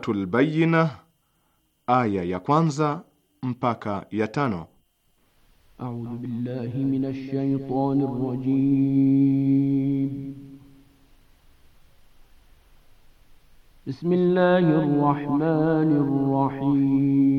Suratul Bayyina aya ya kwanza mpaka ya tano. A'udhu billahi minash shaitani rrajim. Bismillahir rahmanir rahim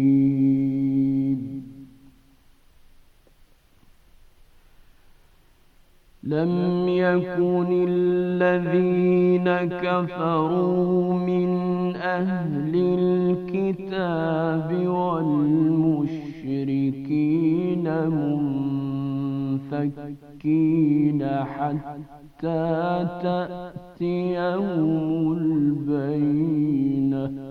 يكن الذين كفروا من أهل الكتاب والمشركين منفكين حتى تأتيهم البينه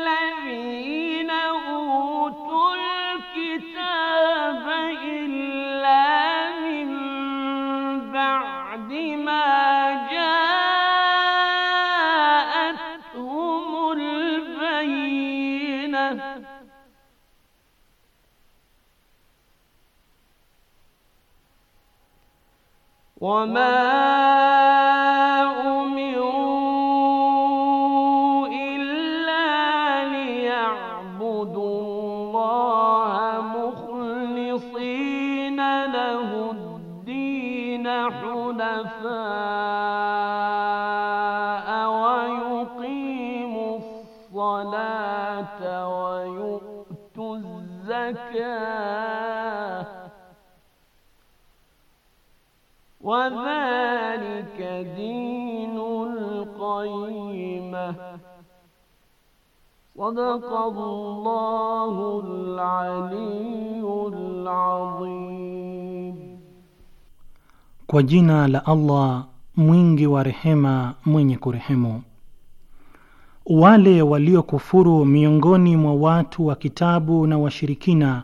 我。Wadhalika dinul qayyima. Sadaqallahul aliyyul adhim. Kwa jina la Allah mwingi wa rehema mwenye kurehemu. Wale waliokufuru miongoni mwa watu wa kitabu na washirikina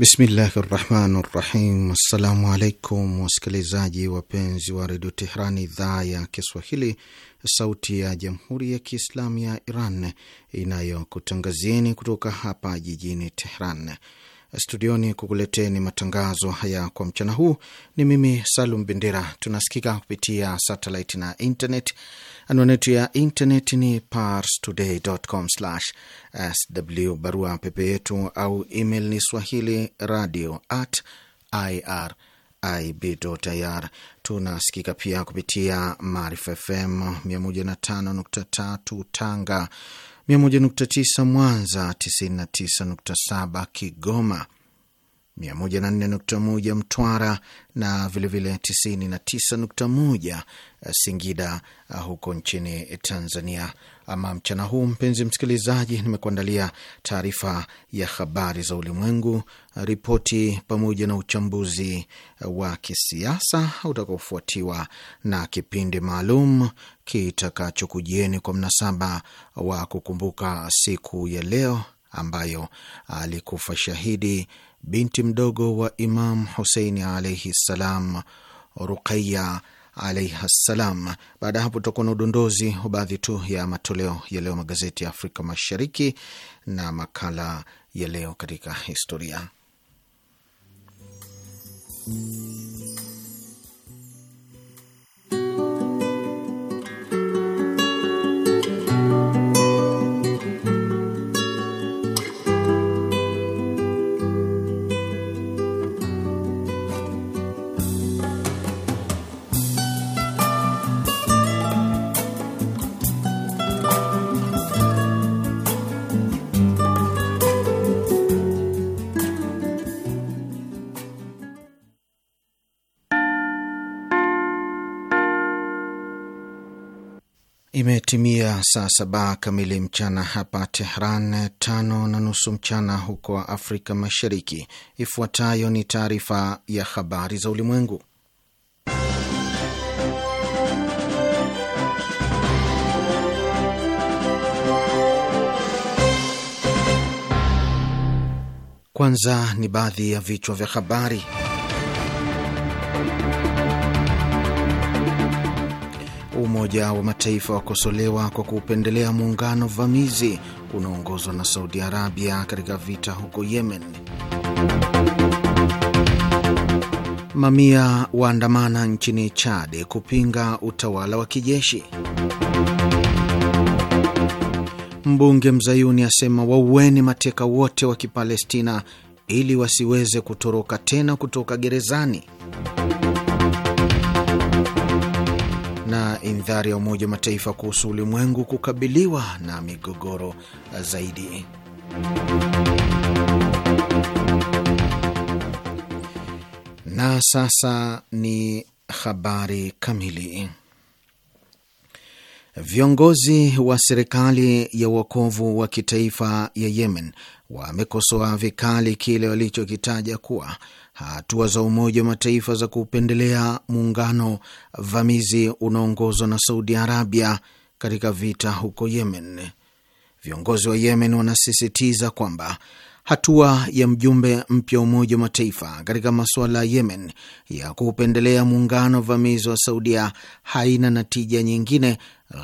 Bismillahi rahmani rahim. Assalamu alaikum wasikilizaji wapenzi wa redio Tehran, idhaa ya Kiswahili, sauti ya jamhuri ya Kiislamu ya Iran inayokutangazieni kutoka hapa jijini Tehran studioni kukuleteni matangazo haya kwa mchana huu. Ni mimi Salum Bendera. Tunasikika kupitia satelit na internet Anwani yetu ya intaneti ni parstoday.com/sw. Barua pepe yetu au email ni swahili radio at irib.ir. Tunasikika pia kupitia Maarifa FM 105.3 Tanga, 101.9 Mwanza, 99.7 Kigoma 104.1 Mtwara na vilevile 99.1 eh, Singida eh, huko nchini Tanzania. Ama mchana huu, mpenzi msikilizaji, nimekuandalia taarifa ya habari za ulimwengu, eh, ripoti pamoja na uchambuzi wa kisiasa utakaofuatiwa na kipindi maalum kitakachokujieni kwa mnasaba wa kukumbuka siku ya leo ambayo alikufa shahidi binti mdogo wa Imam Huseini alaihi ssalam, Ruqaya alaihi ssalam. Baada ya hapo, tutakuwa na udondozi wa baadhi tu ya matoleo ya leo magazeti ya Afrika Mashariki na makala ya leo katika historia Imetimia saa saba kamili mchana hapa Tehran, tano na nusu mchana huko Afrika Mashariki. Ifuatayo ni taarifa ya habari za ulimwengu, kwanza ni baadhi ya vichwa vya habari. Umoja wa Mataifa wakosolewa kwa kuupendelea muungano vamizi unaoongozwa na Saudi Arabia katika vita huko Yemen. Mamia waandamana nchini Chad kupinga utawala wa kijeshi. Mbunge mzayuni asema waueni mateka wote wa Kipalestina ili wasiweze kutoroka tena kutoka gerezani. indhari ya Umoja wa Mataifa kuhusu ulimwengu kukabiliwa na migogoro zaidi. Na sasa ni habari kamili. Viongozi wa serikali ya uokovu wa kitaifa ya Yemen wamekosoa vikali kile walichokitaja kuwa hatua za Umoja wa Mataifa za kupendelea muungano vamizi unaoongozwa na Saudi Arabia katika vita huko Yemen. Viongozi wa Yemen wanasisitiza kwamba hatua ya mjumbe mpya wa Umoja wa Mataifa katika masuala ya Yemen ya kuupendelea muungano vamizi wa Saudia haina natija nyingine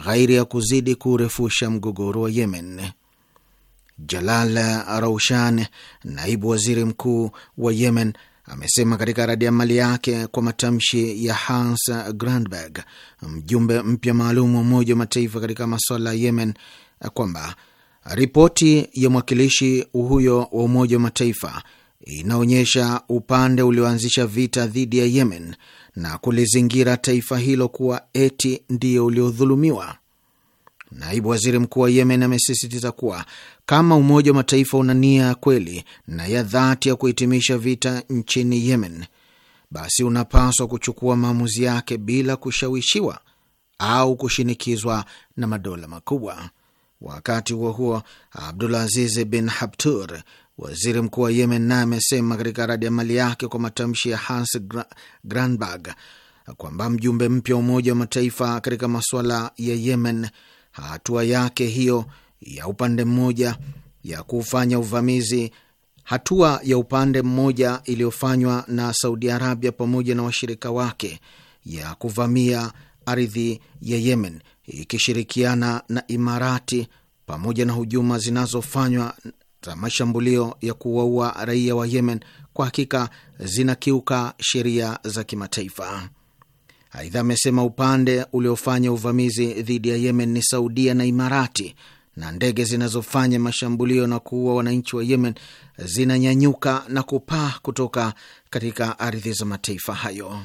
ghairi ya kuzidi kurefusha mgogoro wa Yemen. Jalal Raushan, naibu waziri mkuu wa Yemen, amesema katika radi mali yake kwa matamshi ya Hans Grundberg, mjumbe mpya maalum wa Umoja wa Mataifa katika masuala ya Yemen, kwamba ripoti ya mwakilishi huyo wa Umoja wa Mataifa inaonyesha upande ulioanzisha vita dhidi ya Yemen na kulizingira taifa hilo kuwa eti ndio uliodhulumiwa. Naibu waziri mkuu wa Yemen amesisitiza kuwa kama Umoja wa Mataifa una nia ya kweli na ya dhati ya kuhitimisha vita nchini Yemen, basi unapaswa kuchukua maamuzi yake bila kushawishiwa au kushinikizwa na madola makubwa. Wakati huo huo, Abdul Aziz bin Habtur, waziri mkuu wa Yemen, naye amesema katika radi mali yake kwa matamshi ya Hans Granberg kwamba mjumbe mpya wa Umoja wa Mataifa katika masuala ya Yemen hatua yake hiyo ya upande mmoja ya kufanya uvamizi hatua ya upande mmoja iliyofanywa na Saudi Arabia pamoja na washirika wake ya kuvamia ardhi ya Yemen ikishirikiana na Imarati pamoja na hujuma zinazofanywa za mashambulio ya kuwaua raia wa Yemen kwa hakika zinakiuka sheria za kimataifa. Aidha amesema upande uliofanya uvamizi dhidi ya Yemen ni Saudia na Imarati, na ndege zinazofanya mashambulio na kuua wananchi wa Yemen zinanyanyuka na kupaa kutoka katika ardhi za mataifa hayo.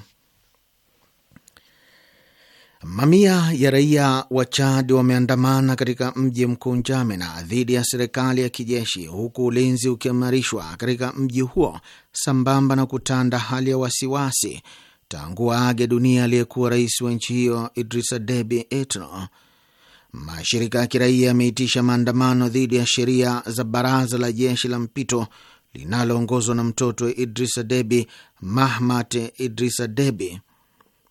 Mamia ya raia wa Chad wameandamana katika mji mkuu Njamena dhidi ya serikali ya kijeshi, huku ulinzi ukiimarishwa katika mji huo sambamba na kutanda hali ya wasiwasi tangu aage dunia aliyekuwa rais wa nchi hiyo Idrisa Debi Itno, mashirika ya kiraia yameitisha maandamano dhidi ya sheria za baraza la jeshi la mpito linaloongozwa na mtoto wa Idrisa Debi, Mahmat Idrisa Debi.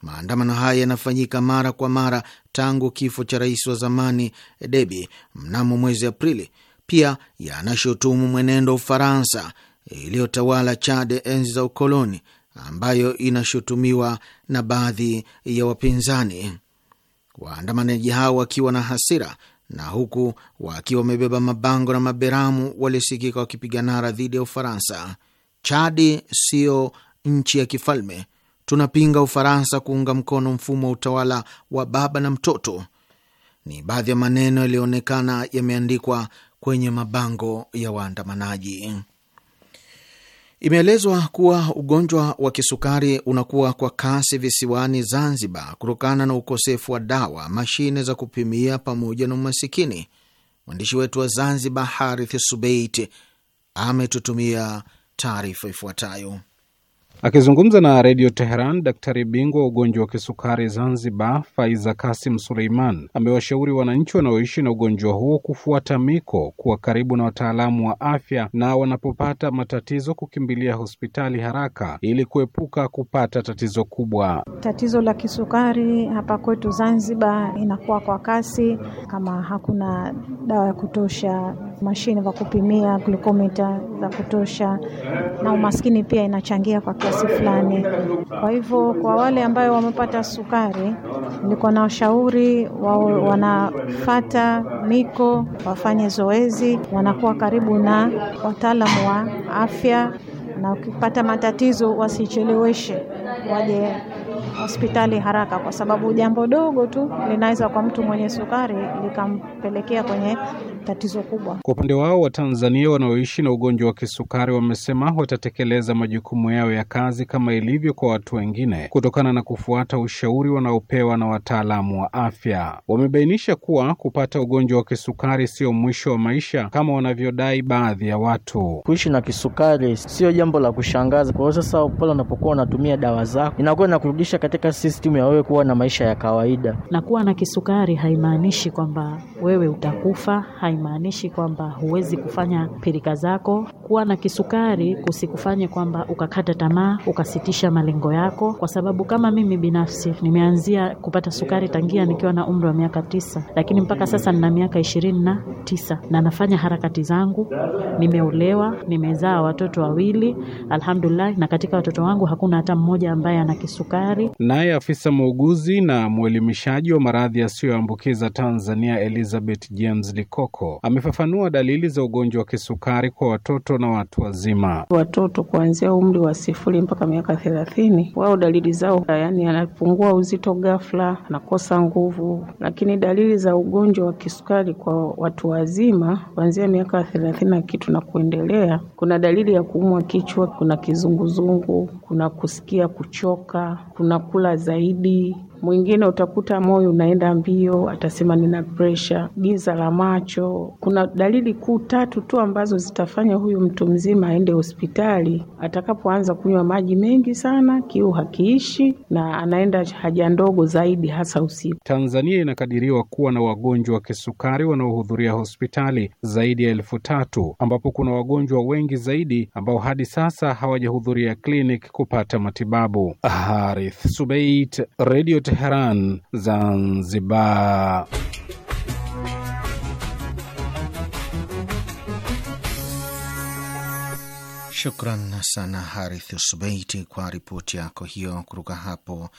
Maandamano haya yanafanyika mara kwa mara tangu kifo cha rais wa zamani Debi mnamo mwezi Aprili. Pia yanashutumu mwenendo wa Ufaransa iliyotawala Chad enzi za ukoloni ambayo inashutumiwa na baadhi ya wapinzani. Waandamanaji hao wakiwa na hasira na huku wakiwa wamebeba mabango na maberamu, waliosikika wakipiga nara dhidi ya Ufaransa. Chadi siyo nchi ya kifalme, tunapinga Ufaransa kuunga mkono mfumo wa utawala wa baba na mtoto, ni baadhi ya maneno yaliyoonekana yameandikwa kwenye mabango ya waandamanaji. Imeelezwa kuwa ugonjwa wa kisukari unakuwa kwa kasi visiwani Zanzibar kutokana na ukosefu wa dawa, mashine za kupimia pamoja na umasikini. Mwandishi wetu wa Zanzibar, Harith Subeit, ametutumia taarifa ifuatayo. Akizungumza na redio Teheran, daktari bingwa wa ugonjwa wa kisukari Zanzibar, Faiza Kasim Suleiman amewashauri wananchi wanaoishi na ugonjwa huo kufuata miko, kuwa karibu na wataalamu wa afya, na wanapopata matatizo kukimbilia hospitali haraka ili kuepuka kupata tatizo kubwa. Tatizo la kisukari hapa kwetu Zanzibar inakuwa kwa kasi, kama hakuna dawa ya kutosha, mashine za kupimia glukomita za kutosha, na umaskini pia inachangia kwa kiasi fulani. Kwa hivyo kwa wale ambayo wamepata sukari, niko na washauri wao wanafata miko, wafanye zoezi, wanakuwa karibu na wataalamu wa afya, na ukipata matatizo wasicheleweshe waje hospitali haraka, kwa sababu jambo dogo tu linaweza kwa mtu mwenye sukari likampelekea kwenye tatizo kubwa. Kwa upande wao, Watanzania wanaoishi na ugonjwa wa kisukari wamesema watatekeleza majukumu yao ya kazi kama ilivyo kwa watu wengine kutokana na kufuata ushauri wanaopewa na wataalamu wa afya. Wamebainisha kuwa kupata ugonjwa wa kisukari sio mwisho wa maisha kama wanavyodai baadhi ya watu. Kuishi na kisukari sio jambo la kushangaza. Kwa hiyo sasa, pale unapokuwa unatumia dawa zako inakuwa inakurudisha kukurudisha katika system ya wewe kuwa na maisha ya kawaida. Na kuwa na kisukari haimaanishi kwamba wewe utakufa, haimaanishi kwamba huwezi kufanya pirika zako. Kuwa na kisukari kusikufanye kwamba ukakata tamaa, ukasitisha malengo yako, kwa sababu kama mimi binafsi nimeanzia kupata sukari tangia nikiwa na umri wa miaka tisa, lakini mpaka sasa nina miaka ishirini na tisa na nafanya harakati zangu. Nimeolewa, nimezaa watoto wawili, alhamdulillah, na katika watoto wangu hakuna hata mmoja ambaye ana kisukari habari. Naye afisa muuguzi na mwelimishaji wa maradhi yasiyoambukiza Tanzania Elizabeth James Likoko amefafanua dalili za ugonjwa wa kisukari kwa watoto na watu wazima. Watoto kuanzia umri wa sifuri mpaka miaka thelathini, wao dalili zao yaani, anapungua uzito ghafla, anakosa nguvu. Lakini dalili za ugonjwa wa kisukari kwa watu wazima kuanzia miaka thelathini na kitu na kuendelea, kuna dalili ya kuumwa kichwa, kuna kizunguzungu, kuna kusikia kuchoka tunakula zaidi Mwingine utakuta moyo unaenda mbio, atasema nina presha, giza la macho. Kuna dalili kuu tatu tu ambazo zitafanya huyu mtu mzima aende hospitali. Atakapoanza kunywa maji mengi sana, kiu hakiishi na anaenda haja ndogo zaidi, hasa usiku. Tanzania inakadiriwa kuwa na wagonjwa wa kisukari wanaohudhuria hospitali zaidi ya elfu tatu ambapo kuna wagonjwa wengi zaidi ambao hadi sasa hawajahudhuria kliniki kupata matibabu. Harith Subait, Radio Teheran, Zanzibar. Shukran sana Harith Subeiti kwa ripoti yako hiyo kutoka hapo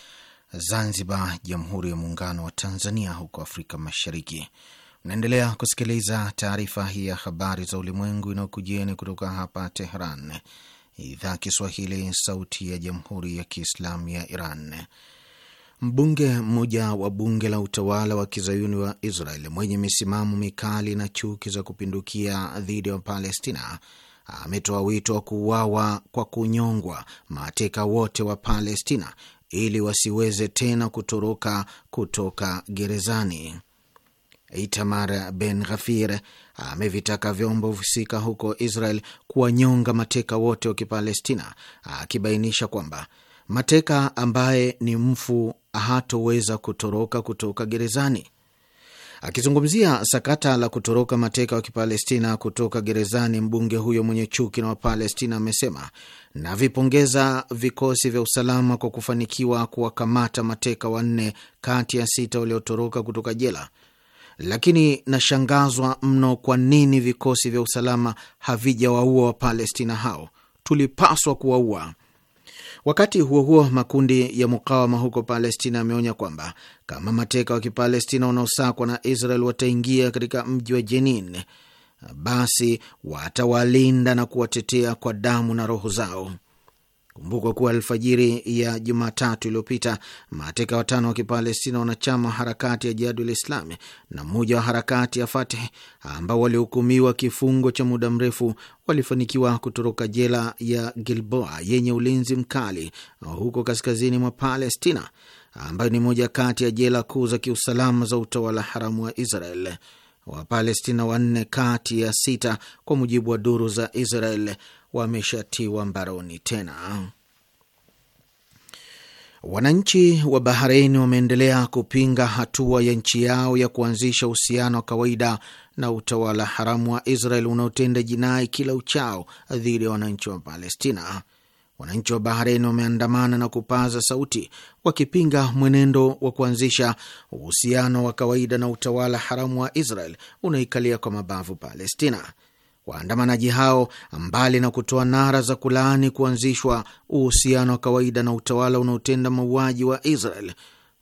Zanzibar, Jamhuri ya Muungano wa Tanzania, huko Afrika Mashariki. unaendelea kusikiliza taarifa hii ya habari za ulimwengu inayokujieni kutoka hapa Tehran, idhaa Kiswahili, sauti ya Jamhuri ya Kiislamu ya Iran. Mbunge mmoja wa bunge la utawala wa kizayuni wa Israel mwenye misimamo mikali na chuki za kupindukia dhidi ya Palestina ametoa wito wa kuuawa kwa kunyongwa mateka wote wa Palestina ili wasiweze tena kutoroka kutoka gerezani. Itamar Ben Ghafir amevitaka vyombo husika huko Israel kuwanyonga mateka wote wa Kipalestina, akibainisha kwamba Mateka ambaye ni mfu hatoweza kutoroka kutoka gerezani. Akizungumzia sakata la kutoroka mateka wa Kipalestina kutoka gerezani, mbunge huyo mwenye chuki na Wapalestina amesema navipongeza vikosi vya usalama kwa kufanikiwa kuwakamata mateka wanne kati ya sita waliotoroka kutoka jela, lakini nashangazwa mno kwa nini vikosi vya usalama havijawaua Wapalestina hao. Tulipaswa kuwaua. Wakati huo huo, makundi ya mukawama huko Palestina yameonya kwamba kama mateka wa Kipalestina wanaosakwa na Israel wataingia katika mji wa Jenin, basi watawalinda na kuwatetea kwa damu na roho zao. Kumbukwa kuwa alfajiri ya Jumatatu iliyopita mateka watano wa Kipalestina, wanachama harakati ya Jihadul Islami na mmoja wa harakati ya Fatah ambao walihukumiwa kifungo cha muda mrefu walifanikiwa kutoroka jela ya Gilboa yenye ulinzi mkali huko kaskazini mwa Palestina, ambayo ni moja kati ya jela kuu za kiusalama za utawala haramu wa Israel. Wapalestina wanne kati ya sita, kwa mujibu wa duru za Israel, wameshatiwa mbaroni tena. Wananchi wa Bahrein wameendelea kupinga hatua ya nchi yao ya kuanzisha uhusiano wa kawaida na utawala haramu wa Israel unaotenda jinai kila uchao dhidi ya wananchi wa Palestina. Wananchi wa Bahrein wameandamana na kupaza sauti wakipinga mwenendo wa kuanzisha uhusiano wa kawaida na utawala haramu wa Israel unaoikalia kwa mabavu Palestina. Waandamanaji hao mbali na kutoa nara za kulaani kuanzishwa uhusiano wa kawaida na utawala unaotenda mauaji wa Israel,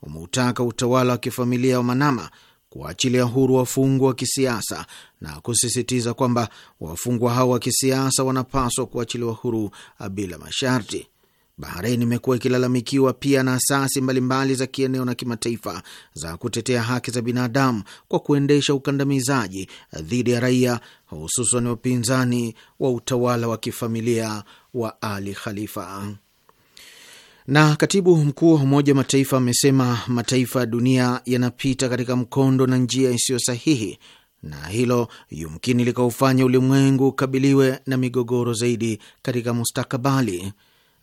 wameutaka utawala wa kifamilia wa Manama kuachilia huru wafungwa wa kisiasa na kusisitiza kwamba wafungwa hao wa kisiasa wanapaswa kuachiliwa huru bila masharti. Bahrein imekuwa ikilalamikiwa pia na asasi mbalimbali za kieneo na kimataifa za kutetea haki za binadamu kwa kuendesha ukandamizaji dhidi ya raia, hususan wapinzani wa utawala wa kifamilia wa Ali Khalifa. Na katibu mkuu wa Umoja wa Mataifa amesema mataifa ya dunia yanapita katika mkondo na njia isiyo sahihi na hilo yumkini likaufanya ulimwengu ukabiliwe na migogoro zaidi katika mustakabali.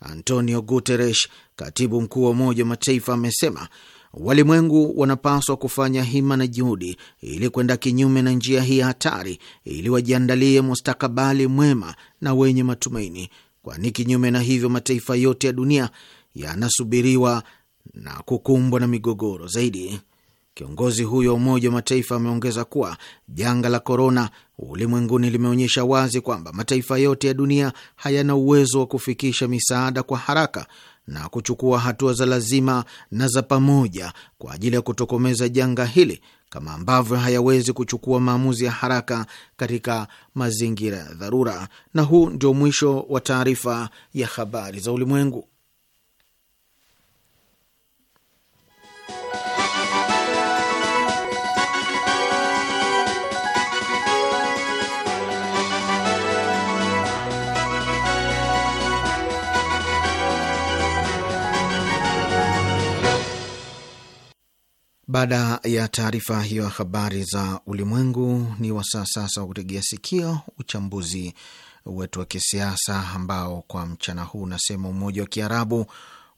Antonio Guterres, katibu mkuu wa Umoja wa Mataifa, amesema walimwengu wanapaswa kufanya hima na juhudi ili kwenda kinyume na njia hii hatari, ili wajiandalie mustakabali mwema na wenye matumaini, kwani kinyume na hivyo mataifa yote ya dunia yanasubiriwa na kukumbwa na migogoro zaidi. Kiongozi huyo wa Umoja wa Mataifa ameongeza kuwa janga la korona ulimwenguni limeonyesha wazi kwamba mataifa yote ya dunia hayana uwezo wa kufikisha misaada kwa haraka na kuchukua hatua za lazima na za pamoja kwa ajili ya kutokomeza janga hili kama ambavyo hayawezi kuchukua maamuzi ya haraka katika mazingira ya dharura. Na huu ndio mwisho wa taarifa ya habari za ulimwengu. Baada ya taarifa hiyo ya habari za ulimwengu, ni wasaa sasa wa kutegea sikio uchambuzi wetu wa kisiasa ambao kwa mchana huu unasema Umoja wa Kiarabu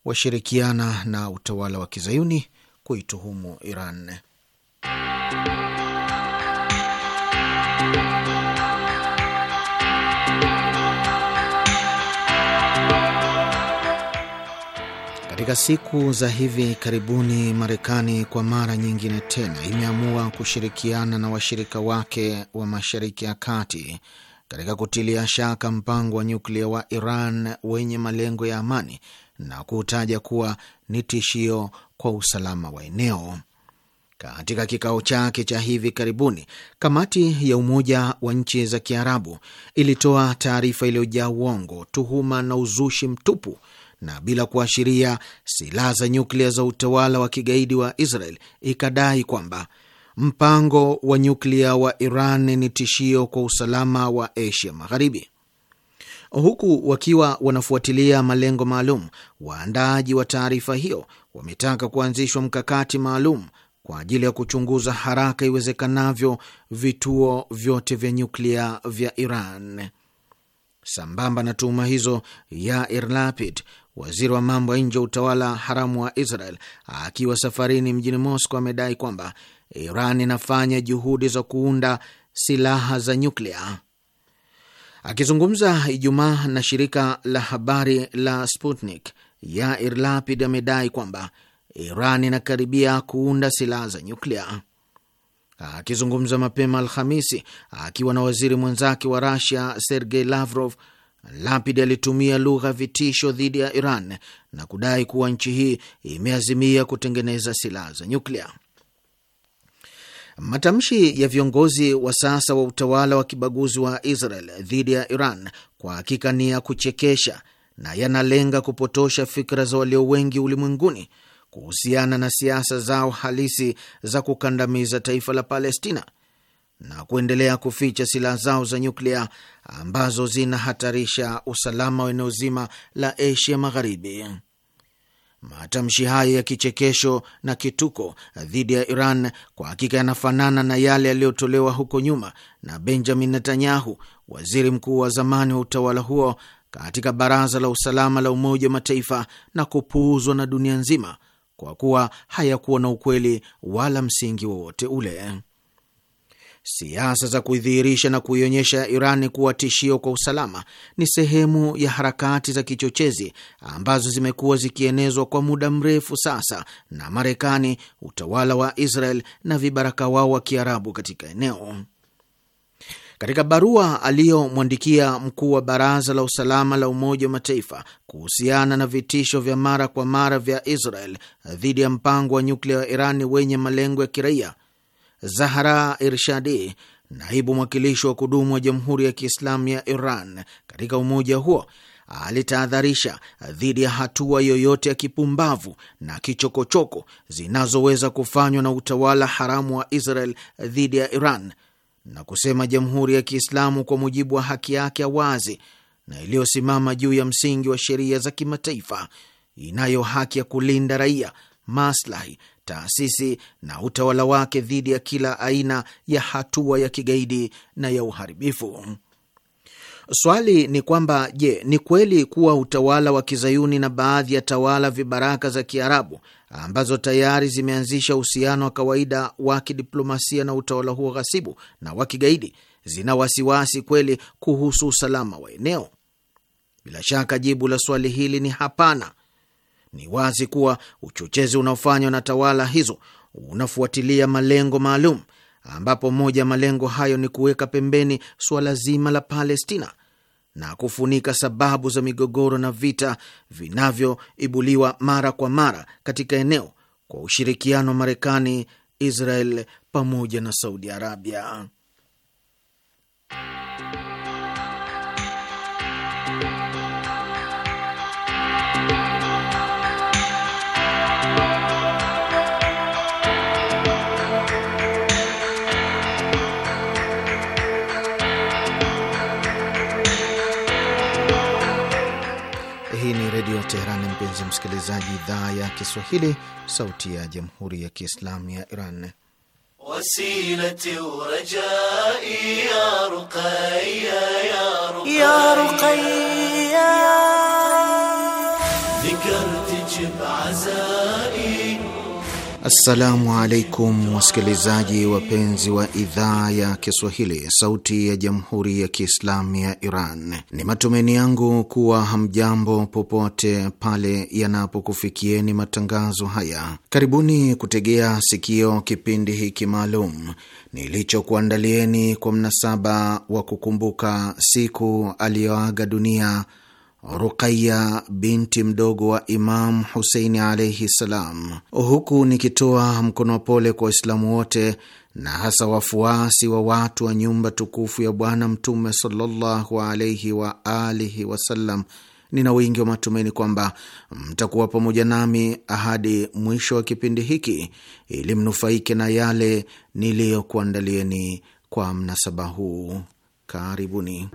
washirikiana na utawala wa kizayuni kuituhumu Iran. Katika siku za hivi karibuni, Marekani kwa mara nyingine tena imeamua kushirikiana na washirika wake wa Mashariki ya Kati katika kutilia shaka mpango wa nyuklia wa Iran wenye malengo ya amani na kuutaja kuwa ni tishio kwa usalama wa eneo. Katika kikao chake cha hivi karibuni, kamati ya Umoja wa Nchi za Kiarabu ilitoa taarifa iliyojaa uongo, tuhuma na uzushi mtupu na bila kuashiria silaha za nyuklia za utawala wa kigaidi wa Israel, ikadai kwamba mpango wa nyuklia wa Iran ni tishio kwa usalama wa Asia Magharibi. Huku wakiwa wanafuatilia malengo maalum, waandaaji wa taarifa hiyo wametaka kuanzishwa mkakati maalum kwa ajili ya kuchunguza haraka iwezekanavyo vituo vyote vya nyuklia vya Iran. Sambamba na tuhuma hizo, Yair Lapid, Waziri wa mambo ya nje wa utawala haramu wa Israel akiwa safarini mjini Moscow amedai kwamba Iran inafanya juhudi za kuunda silaha za nyuklia. Akizungumza Ijumaa na shirika la habari la Sputnik, Yair Lapid amedai kwamba Iran inakaribia kuunda silaha za nyuklia. Akizungumza mapema Alhamisi akiwa na waziri mwenzake wa Rusia Sergei Lavrov, Lapid alitumia lugha vitisho dhidi ya Iran na kudai kuwa nchi hii imeazimia kutengeneza silaha za nyuklia. Matamshi ya viongozi wa sasa wa utawala wa kibaguzi wa Israel dhidi ya Iran kwa hakika ni ya kuchekesha na yanalenga kupotosha fikra za walio wengi ulimwenguni kuhusiana na siasa zao halisi za kukandamiza taifa la Palestina na kuendelea kuficha silaha zao za nyuklia ambazo zinahatarisha usalama wa eneo zima la Asia Magharibi. Matamshi hayo ya kichekesho na kituko dhidi ya Iran kwa hakika yanafanana na yale yaliyotolewa huko nyuma na Benjamin Netanyahu, waziri mkuu wa zamani wa utawala huo, katika Baraza la Usalama la Umoja wa Mataifa na kupuuzwa na dunia nzima kwa kuwa hayakuwa na ukweli wala msingi wowote ule. Siasa za kuidhihirisha na kuionyesha Iran kuwa tishio kwa usalama ni sehemu ya harakati za kichochezi ambazo zimekuwa zikienezwa kwa muda mrefu sasa na Marekani, utawala wa Israel na vibaraka wao wa Kiarabu katika eneo. Katika barua aliyomwandikia mkuu wa baraza la usalama la Umoja wa Mataifa kuhusiana na vitisho vya mara kwa mara vya Israel dhidi ya mpango wa nyuklia wa irani wenye malengo ya kiraia Zahra Irshadi, naibu mwakilishi wa kudumu wa Jamhuri ya Kiislamu ya Iran katika umoja huo, alitahadharisha dhidi ya hatua yoyote ya kipumbavu na kichokochoko zinazoweza kufanywa na utawala haramu wa Israel dhidi ya Iran na kusema Jamhuri ya Kiislamu kwa mujibu wa haki yake ya wazi na iliyosimama juu ya msingi wa sheria za kimataifa inayo haki ya kulinda raia, maslahi taasisi na utawala wake dhidi ya kila aina ya hatua ya kigaidi na ya uharibifu. Swali ni kwamba je, ni kweli kuwa utawala wa kizayuni na baadhi ya tawala vibaraka za Kiarabu ambazo tayari zimeanzisha uhusiano wa kawaida wa kidiplomasia na utawala huo ghasibu na wa kigaidi zina wasiwasi kweli kuhusu usalama wa eneo? Bila shaka jibu la swali hili ni hapana, ni wazi kuwa uchochezi unaofanywa na tawala hizo unafuatilia malengo maalum, ambapo moja ya malengo hayo ni kuweka pembeni suala zima la Palestina na kufunika sababu za migogoro na vita vinavyoibuliwa mara kwa mara katika eneo kwa ushirikiano wa Marekani, Israel pamoja na Saudi Arabia. Redio Teherani. Mpenzi msikilizaji, idhaa ya Kiswahili, sauti ya jamhuri ya kiislamu ya Iran. Wasilati Assalamu alaikum wasikilizaji wapenzi wa idhaa ya Kiswahili, sauti ya jamhuri ya kiislamu ya Iran. Ni matumaini yangu kuwa hamjambo popote pale yanapokufikieni matangazo haya. Karibuni kutegea sikio kipindi hiki maalum nilichokuandalieni kwa mnasaba wa kukumbuka siku aliyoaga dunia Ruqaya binti mdogo wa Imamu Huseini alaihi ssalam, huku nikitoa mkono wa pole kwa Waislamu wote na hasa wafuasi wa watu wa nyumba tukufu ya Bwana Mtume sallallahu alaihi wa alihi wasallam. Nina wingi wa matumaini kwamba mtakuwa pamoja nami hadi mwisho wa kipindi hiki ili mnufaike na yale niliyokuandalieni kwa mnasaba huu. Karibuni.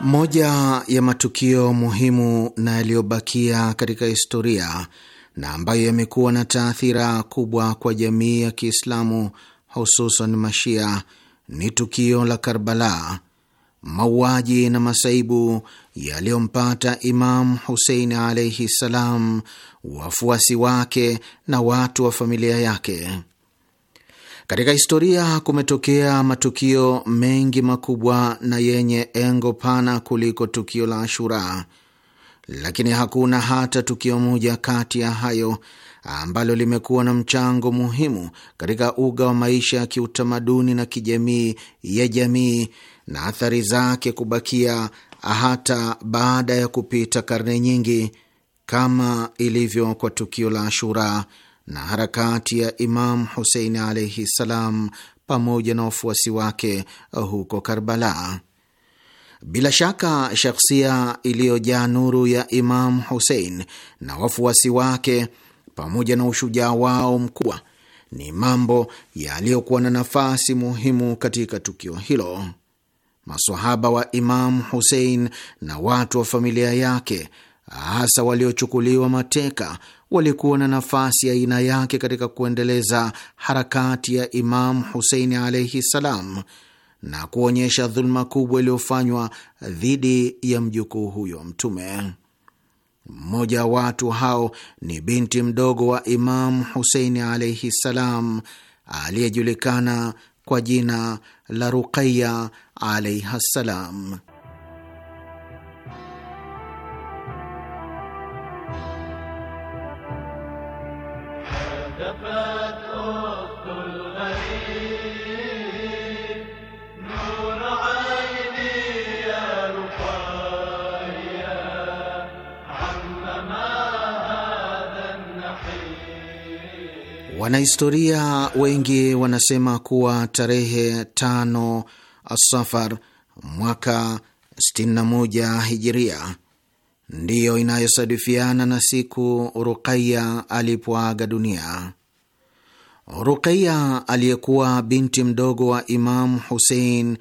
Moja ya matukio muhimu na yaliyobakia katika historia na ambayo yamekuwa na taathira kubwa kwa jamii ya Kiislamu hususan Mashia ni tukio la Karbala mauaji na masaibu yaliyompata Imam Husein alaihi ssalam, wafuasi wake na watu wa familia yake. Katika historia kumetokea matukio mengi makubwa na yenye engo pana kuliko tukio la Ashura, lakini hakuna hata tukio moja kati ya hayo ambalo limekuwa na mchango muhimu katika uga wa maisha ya kiutamaduni na kijamii ya jamii na athari zake kubakia hata baada ya kupita karne nyingi, kama ilivyo kwa tukio la Ashura na harakati ya Imam Husein alaihi ssalam pamoja na wafuasi wake huko Karbala. Bila shaka shakhsia iliyojaa nuru ya Imam Husein na wafuasi wake pamoja na ushujaa wao mkubwa ni mambo yaliyokuwa na nafasi muhimu katika tukio hilo masahaba wa Imamu Husein na watu wa familia yake, hasa waliochukuliwa mateka, walikuwa na nafasi ya aina yake katika kuendeleza harakati ya Imamu Husein alaihi ssalam na kuonyesha dhuluma kubwa iliyofanywa dhidi ya mjukuu huyo Mtume. Mmoja wa watu hao ni binti mdogo wa Imamu Huseini alaihi ssalam aliyejulikana kwa jina la Ruqaya alaihi ssalam. Wanahistoria wengi wanasema kuwa tarehe tano Asafar mwaka 61 Hijiria, ndiyo inayosadifiana na siku Ruqaya alipoaga dunia. Ruqaya aliyekuwa binti mdogo wa Imamu Husein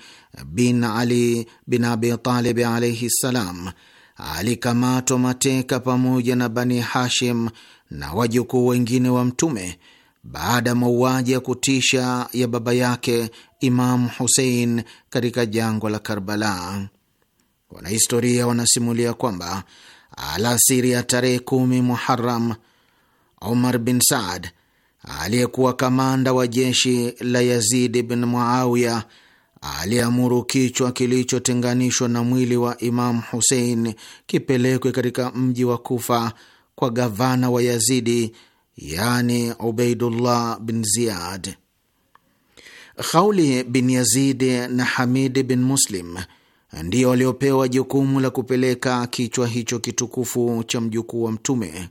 bin Ali bin Abi Talib alaihi ssalam alikamatwa mateka pamoja na Bani Hashim na wajukuu wengine wa Mtume baada ya mauaji ya kutisha ya baba yake imam Husein katika jangwa la Karbala. Wanahistoria wanasimulia kwamba alasiri ya tarehe kumi Muharam, Omar bin Saad aliyekuwa kamanda wa jeshi la Yazidi bin Muawiya aliamuru kichwa kilichotenganishwa na mwili wa imam Husein kipelekwe katika mji wa Kufa kwa gavana wa Yazidi, yani Ubaidullah bin Ziyad. Khauli bin yazid na Hamid bin Muslim ndio waliopewa jukumu la kupeleka kichwa hicho kitukufu cha mjukuu wa Mtume.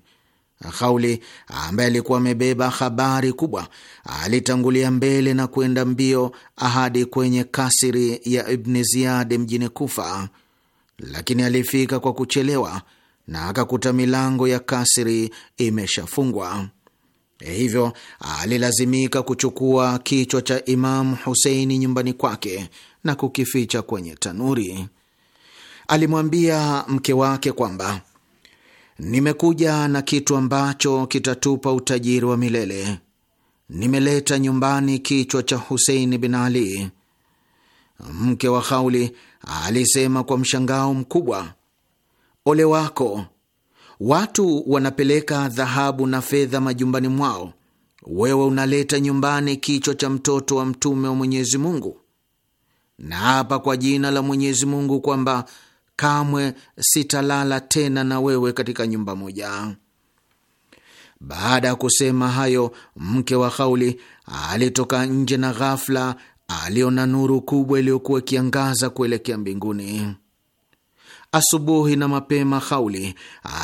Khauli ambaye alikuwa amebeba habari kubwa, alitangulia mbele na kwenda mbio hadi kwenye kasiri ya Ibni Ziyad mjini Kufa, lakini alifika kwa kuchelewa na akakuta milango ya kasiri imeshafungwa. E hivyo alilazimika kuchukua kichwa cha Imamu Huseini nyumbani kwake na kukificha kwenye tanuri. Alimwambia mke wake kwamba nimekuja na kitu ambacho kitatupa utajiri wa milele. Nimeleta nyumbani kichwa cha Huseini bin Ali. Mke wa Hauli alisema kwa mshangao mkubwa, ole wako, Watu wanapeleka dhahabu na fedha majumbani mwao, wewe unaleta nyumbani kichwa cha mtoto wa mtume wa Mwenyezi Mungu. Na hapa kwa jina la Mwenyezi Mungu kwamba kamwe sitalala tena na wewe katika nyumba moja. Baada ya kusema hayo, mke wa Hauli alitoka nje na ghafla aliona nuru kubwa iliyokuwa ikiangaza kuelekea mbinguni. Asubuhi na mapema, hauli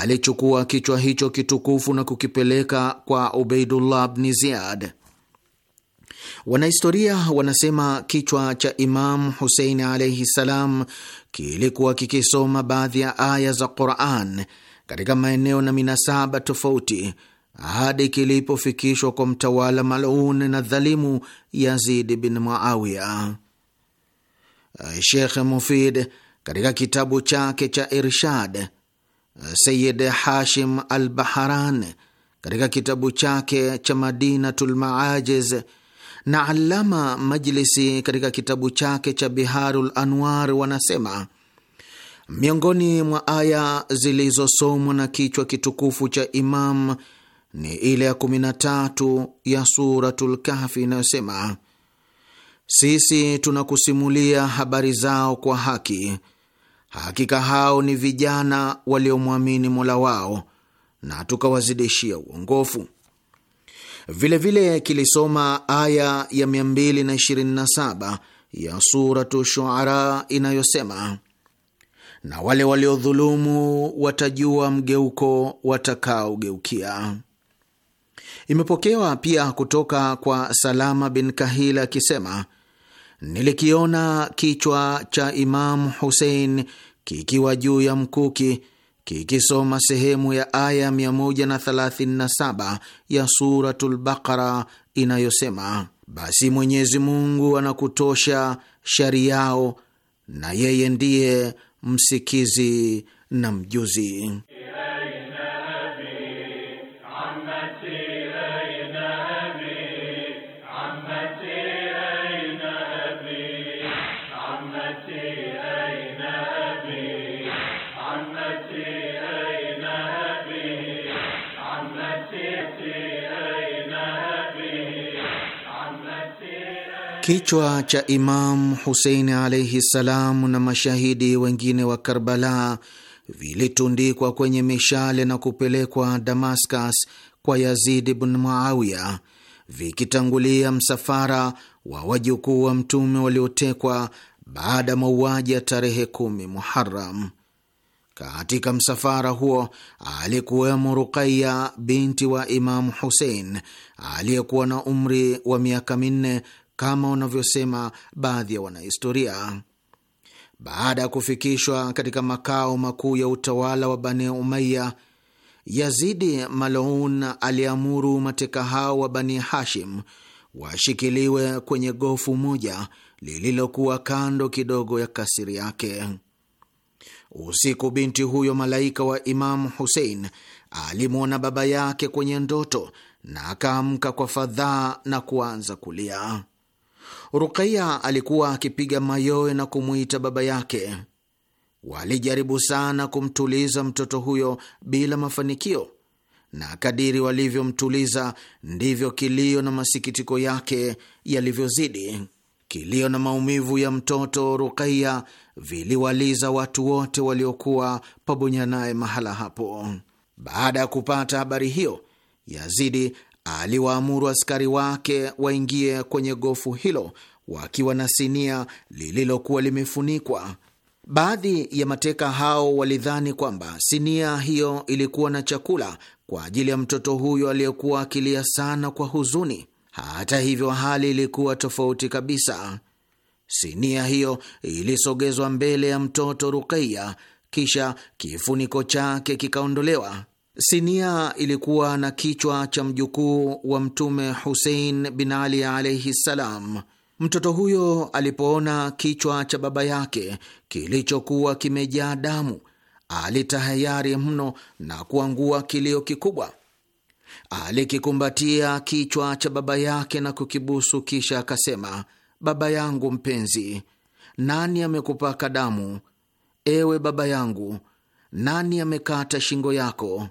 alichukua kichwa hicho kitukufu na kukipeleka kwa Ubeidullah bni Ziyad. Wanahistoria wanasema kichwa cha Imamu Husein alaihi ssalam kilikuwa kikisoma baadhi ya aya za Quran katika maeneo na minasaba tofauti hadi kilipofikishwa kwa mtawala malun na dhalimu Yazidi bin Muawiya. Shekh Mufid katika kitabu chake cha Irshad, Sayid Hashim al Baharan katika kitabu chake cha Madinatul Maajiz na Alama Majlisi katika kitabu chake cha Biharul Anwar wanasema miongoni mwa aya zilizosomwa na kichwa kitukufu cha Imam ni ile ya 13 ya Suratul Kahfi inayosema, sisi tunakusimulia habari zao kwa haki Hakika hao ni vijana waliomwamini mola wao na tukawazidishia uongofu. Vilevile kilisoma aya ya 227 ya Suratu Shuara inayosema, na wale waliodhulumu watajua mgeuko watakaogeukia. Imepokewa pia kutoka kwa Salama bin Kahila akisema nilikiona kichwa cha Imamu Husein kikiwa juu ya mkuki kikisoma sehemu ya aya 137 ya Suratul Baqara inayosema, basi Mwenyezi Mungu anakutosha shari yao na yeye ndiye msikizi na mjuzi. Kichwa cha imam Husein alaihi ssalam na mashahidi wengine wa Karbala vilitundikwa kwenye mishale na kupelekwa Damascus kwa yazid bn Muawiya, vikitangulia msafara wa wajukuu wa Mtume waliotekwa baada ya mauaji ya tarehe kumi Muharam. Katika msafara huo alikuwemo Ruqaya binti wa Imamu Husein aliyekuwa na umri wa miaka minne kama wanavyosema baadhi ya wanahistoria. Baada ya kufikishwa katika makao makuu ya utawala wa Bani Umaya, Yazidi Malun aliamuru mateka hao wa Bani Hashim washikiliwe kwenye gofu moja lililokuwa kando kidogo ya kasiri yake. Usiku binti huyo malaika wa Imamu Husein alimwona baba yake kwenye ndoto na akaamka kwa fadhaa na kuanza kulia. Ruqaya alikuwa akipiga mayowe na kumwita baba yake. Walijaribu sana kumtuliza mtoto huyo bila mafanikio, na kadiri walivyomtuliza ndivyo kilio na masikitiko yake yalivyozidi. Kilio na maumivu ya mtoto Ruqaya viliwaliza watu wote waliokuwa pamoja naye mahala hapo. Baada ya kupata habari hiyo, Yazidi aliwaamuru askari wake waingie kwenye gofu hilo wakiwa na sinia lililokuwa limefunikwa. Baadhi ya mateka hao walidhani kwamba sinia hiyo ilikuwa na chakula kwa ajili ya mtoto huyo aliyekuwa akilia sana kwa huzuni. Hata hivyo, hali ilikuwa tofauti kabisa. Sinia hiyo ilisogezwa mbele ya mtoto Ruqeya, kisha kifuniko chake kikaondolewa. Sinia ilikuwa na kichwa cha mjukuu wa Mtume Husein bin Ali alaihi ssalam. Mtoto huyo alipoona kichwa cha baba yake kilichokuwa kimejaa damu, alitahayari mno na kuangua kilio kikubwa. Alikikumbatia kichwa cha baba yake na kukibusu, kisha akasema: baba yangu mpenzi, nani amekupaka damu? Ewe baba yangu, nani amekata shingo yako?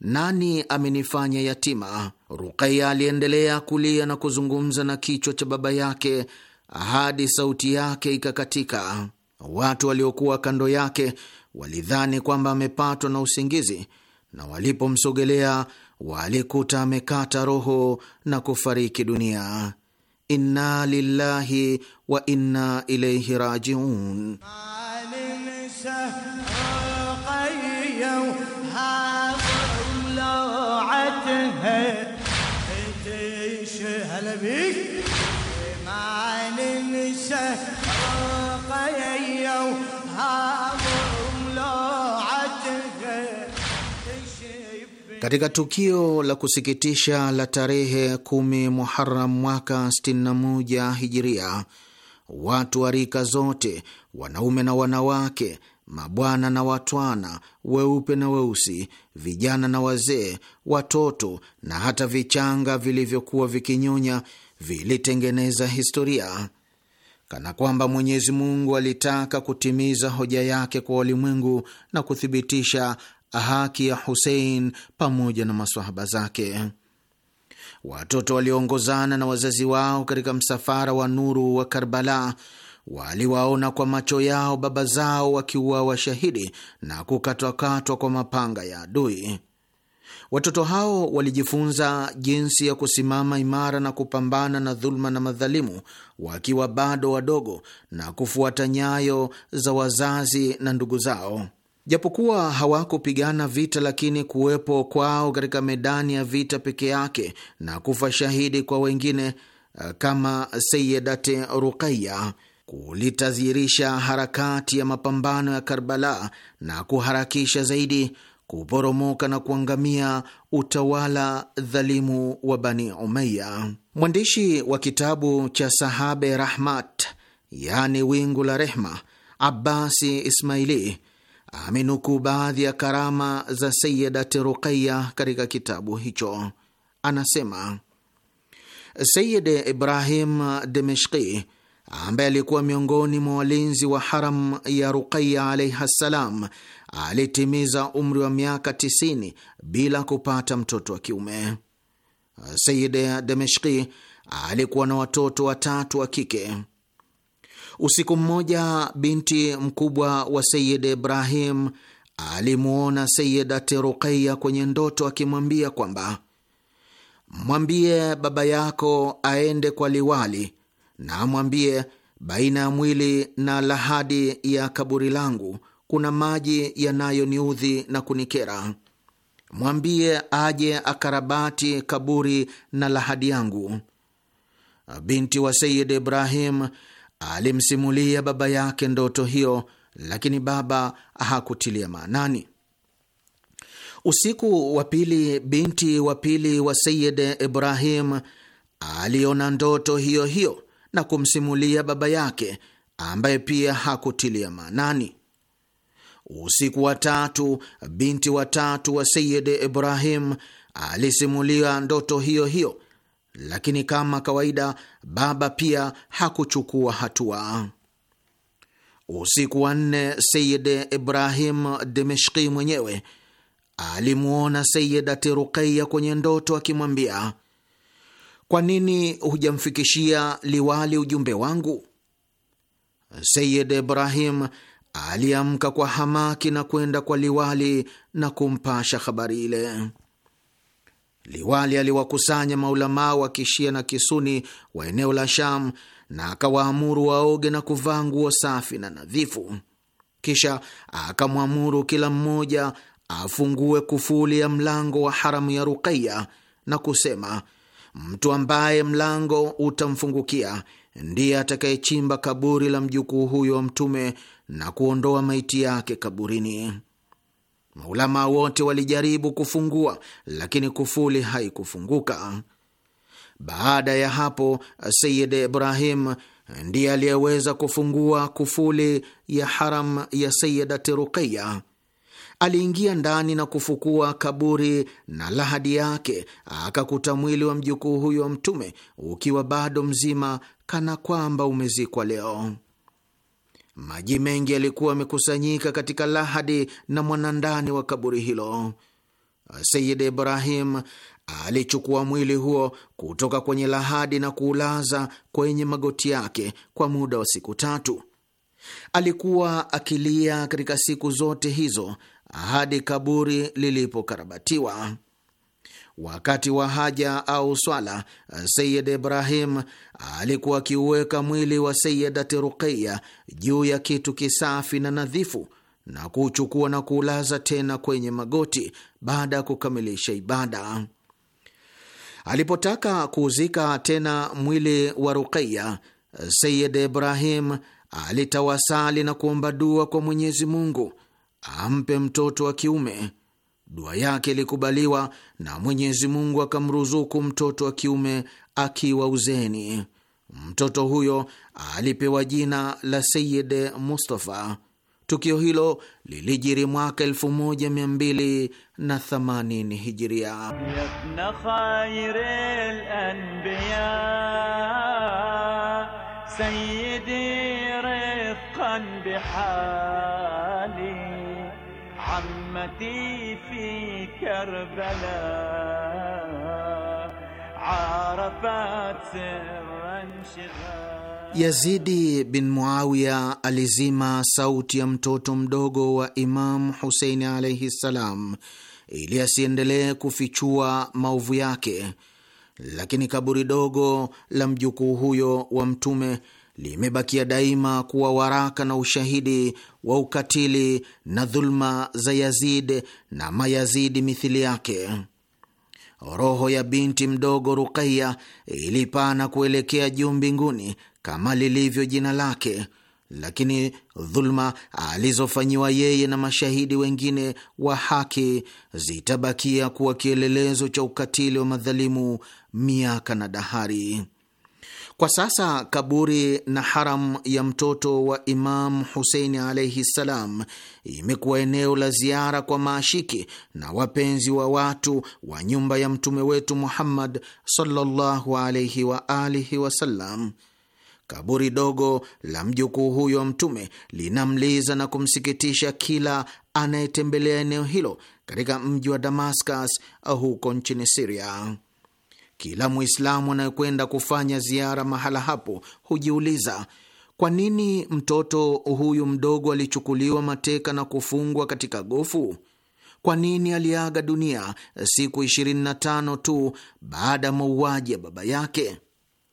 nani amenifanya yatima? Ruqaya aliendelea kulia na kuzungumza na kichwa cha baba yake hadi sauti yake ikakatika. Watu waliokuwa kando yake walidhani kwamba amepatwa na usingizi, na walipomsogelea walikuta amekata roho na kufariki dunia. Inna lillahi wa inna ilaihi rajiun. katika tukio la kusikitisha la tarehe kumi Muharam mwaka 61 Hijiria, watu wa rika zote, wanaume na wanawake, mabwana na watwana, weupe na weusi, vijana na wazee, watoto na hata vichanga vilivyokuwa vikinyonya vilitengeneza historia kana kwamba Mwenyezi Mungu alitaka kutimiza hoja yake kwa walimwengu na kuthibitisha haki ya Husein pamoja na maswahaba zake. Watoto walioongozana na wazazi wao katika msafara wa nuru wa Karbala waliwaona kwa macho yao baba zao wakiuawa shahidi na kukatwakatwa kwa mapanga ya adui. Watoto hao walijifunza jinsi ya kusimama imara na kupambana na dhuluma na madhalimu wakiwa bado wadogo na kufuata nyayo za wazazi na ndugu zao. Japokuwa hawakupigana vita, lakini kuwepo kwao katika medani ya vita peke yake na kufa shahidi kwa wengine eh, kama seyedate Ruqaya kulitadhihirisha harakati ya mapambano ya Karbala na kuharakisha zaidi kuporomoka na kuangamia utawala dhalimu wa Bani umaya Mwandishi wa kitabu cha Sahabe Rahmat, yaani wingu la rehma, Abbasi Ismaili amenukuu baadhi ya karama za Sayidati Ruqaya katika kitabu hicho. Anasema Sayid Ibrahim Demeshki, ambaye alikuwa miongoni mwa walinzi wa haram ya Ruqaya alaihi ssalam, alitimiza umri wa miaka 90 bila kupata mtoto wa kiume. Sayid Dameshki alikuwa na watoto watatu wa kike. Usiku mmoja, binti mkubwa wa Sayid Ibrahim alimwona Sayidati Ruqaya kwenye ndoto akimwambia kwamba mwambie baba yako aende kwa liwali na amwambie baina ya mwili na lahadi ya kaburi langu kuna maji yanayoniudhi na kunikera. Mwambie aje akarabati kaburi na lahadi yangu. Binti wa Sayid Ibrahim alimsimulia baba yake ndoto hiyo, lakini baba hakutilia maanani. Usiku wa pili, binti wa pili wa Sayid Ibrahim aliona ndoto hiyo hiyo na kumsimulia baba yake ambaye pia hakutilia maanani. Usiku wa tatu, binti wa tatu wa Sayid Ibrahim alisimulia ndoto hiyo hiyo, lakini kama kawaida, baba pia hakuchukua hatua. Usiku wa nne, Sayid Ibrahim Dimishki mwenyewe alimwona Sayidati aterukeya kwenye ndoto akimwambia, kwa nini hujamfikishia liwali ujumbe wangu? Sayid Ibrahim aliamka kwa hamaki na kwenda kwa liwali na kumpasha habari ile. Liwali aliwakusanya maulamaa wa kishia na kisuni wa eneo la Sham na akawaamuru waoge na kuvaa nguo safi na nadhifu. Kisha akamwamuru kila mmoja afungue kufuli ya mlango wa haramu ya Ruqaya na kusema, mtu ambaye mlango utamfungukia ndiye atakayechimba kaburi la mjukuu huyo wa Mtume na kuondoa maiti yake kaburini. Maulamaa wote walijaribu kufungua, lakini kufuli haikufunguka. Baada ya hapo, Sayid Ibrahim ndiye aliyeweza kufungua kufuli ya haram ya Sayidat Ruqaya. Aliingia ndani na kufukua kaburi na lahadi yake, akakuta mwili wa mjukuu huyo wa Mtume ukiwa bado mzima, kana kwamba umezikwa leo. Maji mengi yalikuwa yamekusanyika katika lahadi na mwanandani wa kaburi hilo. Sayid Ibrahim alichukua mwili huo kutoka kwenye lahadi na kuulaza kwenye magoti yake kwa muda wa siku tatu. Alikuwa akilia katika siku zote hizo hadi kaburi lilipokarabatiwa. Wakati wa haja au swala, eh, Sayid Ibrahim alikuwa akiuweka mwili wa Sayidati Ruqeya juu ya kitu kisafi na nadhifu na kuchukua na kuulaza tena kwenye magoti baada ya kukamilisha ibada. Alipotaka kuuzika tena mwili wa Ruqeya, eh, Sayid Ibrahim alitawasali na kuomba dua kwa Mwenyezi Mungu ampe mtoto wa kiume. Dua yake ilikubaliwa na Mwenyezi Mungu akamruzuku mtoto wa kiume akiwa uzeni. Mtoto huyo alipewa jina la Sayid Mustafa. Tukio hilo lilijiri mwaka 1280 Hijiria. Karbala arafat Yazidi bin Muawiya alizima sauti ya mtoto mdogo wa imam Huseini alaihi ssalam ili asiendelee kufichua maovu yake, lakini kaburi dogo la mjukuu huyo wa Mtume limebakia daima kuwa waraka na ushahidi wa ukatili na dhuluma za Yazid na mayazidi mithili yake. Roho ya binti mdogo Ruqaya ilipana kuelekea juu mbinguni kama lilivyo jina lake, lakini dhuluma alizofanyiwa yeye na mashahidi wengine wa haki zitabakia kuwa kielelezo cha ukatili wa madhalimu miaka na dahari. Kwa sasa kaburi na haram ya mtoto wa Imam Huseini alaihi ssalam imekuwa eneo la ziara kwa maashiki na wapenzi wa watu wa nyumba ya mtume wetu Muhammad sallallahu alaihi wa alihi wasallam. Kaburi dogo la mjukuu huyo wa Mtume linamliza na kumsikitisha kila anayetembelea eneo hilo katika mji wa Damascus huko nchini Siria. Kila Mwislamu anayekwenda kufanya ziara mahala hapo hujiuliza kwa nini mtoto huyu mdogo alichukuliwa mateka na kufungwa katika gofu? Kwa nini aliaga dunia siku 25 tu baada ya mauaji ya baba yake?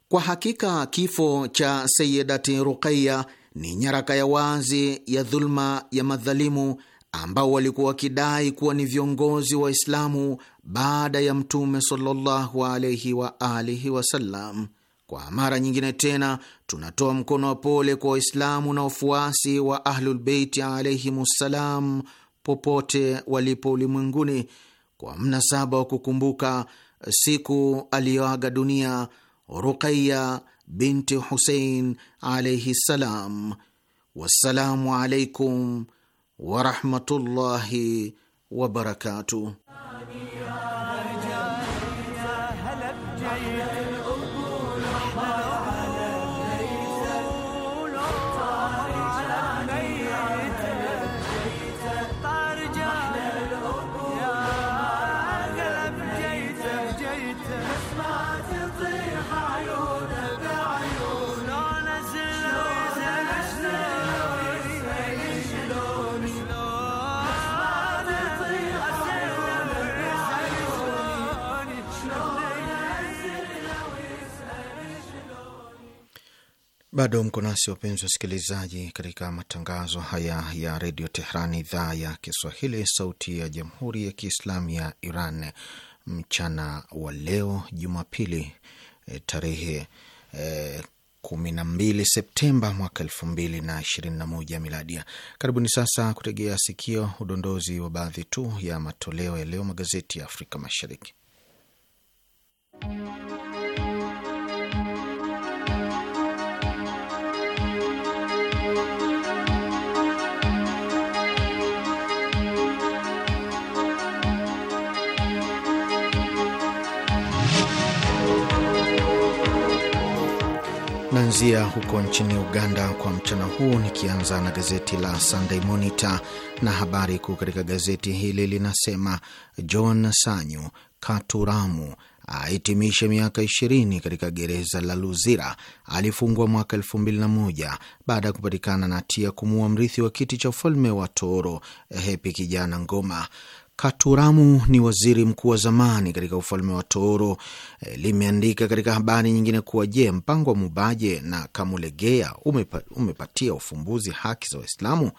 Kwa hakika kifo cha Sayidati Ruqaya ni nyaraka ya wazi ya dhulma ya madhalimu ambao walikuwa wakidai kuwa ni viongozi wa Waislamu baada ya Mtume sallallahu alaihi wa alihi wasallam. Kwa mara nyingine tena tunatoa mkono wa pole kwa Waislamu na wafuasi wa Ahlulbeiti alaihimussalam popote walipo ulimwenguni kwa mnasaba wa kukumbuka siku aliyoaga dunia Ruqaya binti Husein alaihi ssalam. Wassalamu alaikum ورحمه الله وبركاته Bado mko nasi wapenzi wasikilizaji, katika matangazo haya ya redio Tehran, idhaa ya Kiswahili, sauti ya jamhuri ya kiislamu ya Iran. Mchana wa leo Jumapili e, tarehe e, eh, 12 Septemba mwaka 2021 miladia. Karibuni sasa kutegea sikio udondozi wa baadhi tu ya matoleo ya leo magazeti ya Afrika Mashariki. Naanzia huko nchini Uganda kwa mchana huu, nikianza na gazeti la Sunday Monitor, na habari kuu katika gazeti hili linasema John Sanyu Katuramu ahitimishe miaka ishirini katika gereza la Luzira. Alifungwa mwaka elfu mbili na moja baada ya kupatikana na hatia kumuua mrithi wa kiti cha ufalme wa Toro Hepi Kijana Ngoma. Katuramu ni waziri mkuu wa zamani katika ufalme wa Toro. Eh, limeandika katika habari nyingine kuwa je, mpango wa Mubaje na Kamulegea umepa, umepatia ufumbuzi haki za Waislamu?